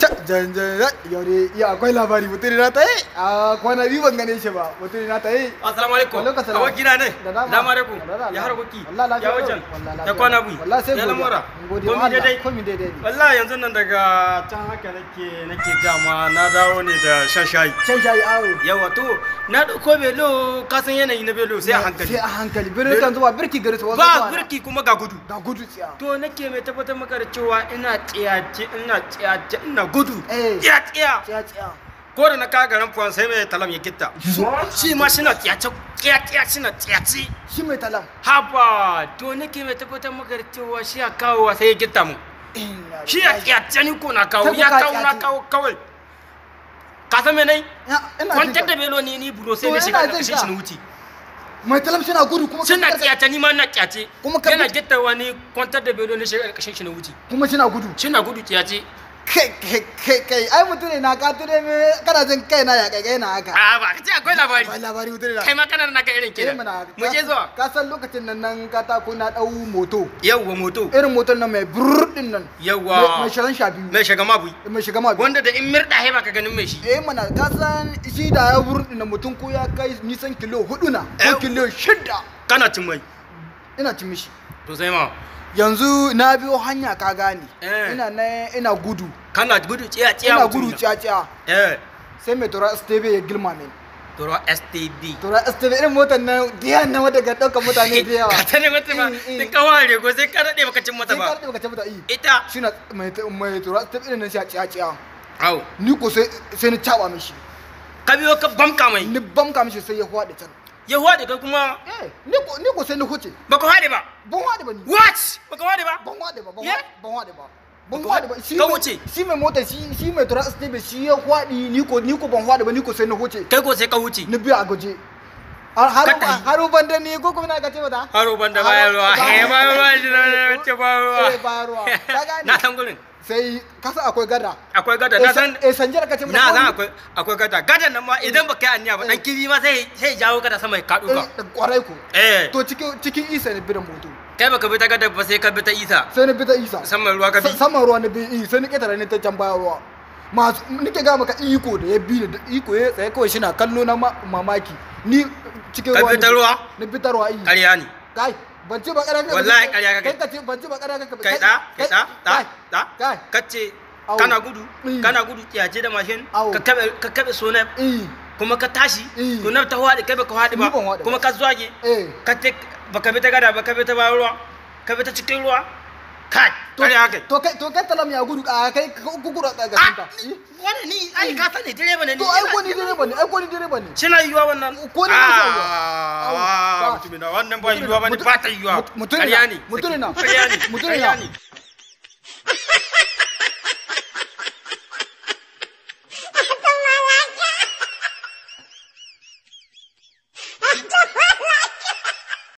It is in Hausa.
자 jan jan iya akwai labari mutum na ta yi a kwana biyu ban gane shi ba mutum na ta yi assalamu alaikum aboki na ne dama alaikum ya harkoki ya wajen da kwana biyu ya lamura komi daidai komi daidai wallahi yanzu nan daga can haka nake nake dama na dawo ne da shan shayi shan shayi awo yawa to na dauko belo ka san yanayi na belo sai a hankali sai a hankali birni kan zuwa birki gari ba birki kuma ga gudu ga gudu to nake mai tabbatar maka da cewa ina tsiyace ina tsiyace ina gudu gudu tsiya tsiya ko da na ka garin fuwan sai mai talam ya kitta shi ma shina tsiyace tsiya tsiya shina tsiyaci shi mai talam haba to nake mai tabbatar maka da cewa shi ya kawo sai ya kitta mu shi ya tsiyace ni ko na kawo ya kawo na kawo kawai ka san me nai kwantar da belo ne ni buro sai na shiga na kashe shi na wuce mai talam suna gudu kuma suna tsayace ni ma na tsayace kuma yana gitta wani kwantar da belo ne shiga ƙarshen shi na wuce kuma suna gudu suna gudu tsayace kai ai mutu ne na katu ne me kana jin kai na ya kai kai na ka. a ah, ba ka ce akwai labari akwai labari mutu ne na kai ma kana na ka irin kira mu je zuwa ka san lokacin nan nan katako na dau moto yawwa moto irin moton nan mai brrr din nan yawwa mai shagan sha biyu mai shagan mabui mai shagan mabui wanda da in mirda hai ba ka ganin mai shi eh mana ka san shi da ya brrr din nan mutum ko ya kai nisan kilo hudu na ko eh. kilo shida kana cin mai ina cin mishi to sai ma yanzu na biyo hanya ka gane eh. ina na ina gudu kana gudu tsiya tsiya ina gudu tsiya tsiya eh sai me tura stb ya gilma ne. tura stb tura stb irin motar nan diyan nan wadda ga daukar mutane da yawa ka tare mata ba eh, eh. din ka ware go sai ka dade baka cin mata ba sai ka dade baka cin mata ita shi na mai mai tura stb irin nan sai tsiya tsiya au ni ko sai sai ni taba mishi ka biyo ka bamka mai ni bamka mishi sai ya hwada can ya hwade kai kuma ni ko sai ni huce ko hade ba hade ba ni what baka hade ba ban hade ba hade ba hade ba ka huce mota stebe ya hwadi ni ko ni ko hade ba ni ko ni kai ko se ka huce ni biya a gaje haru banda ni ko kuma ka ce mata haru banda baya ruwa eh ba ruwa shi na ce ba ruwa eh ba ruwa na san gurin sai kasa akwai gada akwai gada na eh, san eh sanjar ka ce mata na san akwai akwai gada gada nan ma eh. idan baka yi anya ba dan kiri ma sai sai jawo gada sama ka kwarai eh, ko eh to cikin cikin isa ne bidan moto kai baka bi ta gada ba sai ka bi ta isa sai ni bi ta isa saman ruwa ka bi saman ruwa ne bi sai ni ketare ne ta can baya ruwa masu nike ga maka iko da ya bi da iko ya tsaye kawai shi na kallo na mamaki ni cikin ruwa ka fitarwa na fitarwa yi eh. ƙarya ne kai ban ci ba ƙarya ka wallahi ƙarya ka kai ban ci ba ƙarya ka kai ta, kai ta, ta, ta. kai kace kana gudu eh. kana gudu tiyace da mashin ka kabe ka kabe sonar eh. kuma ka tashi sonar ta hwadi kai baka hwadi ba kuma ka zuwage ka te baka bi ta gada baka bi ta ba ruwa ka bi ta cikin ruwa kai kare haka to kai to kai talam ya gudu a kai gugura ah, ga kanta wannan ni ai ka sani direba ne to ai ko ni direba ne ai ko ni direba ne shina yiwa wannan ko ni yiwa ah, na wannan ba yiwa bane ba ta yiwa na mutune na mutune na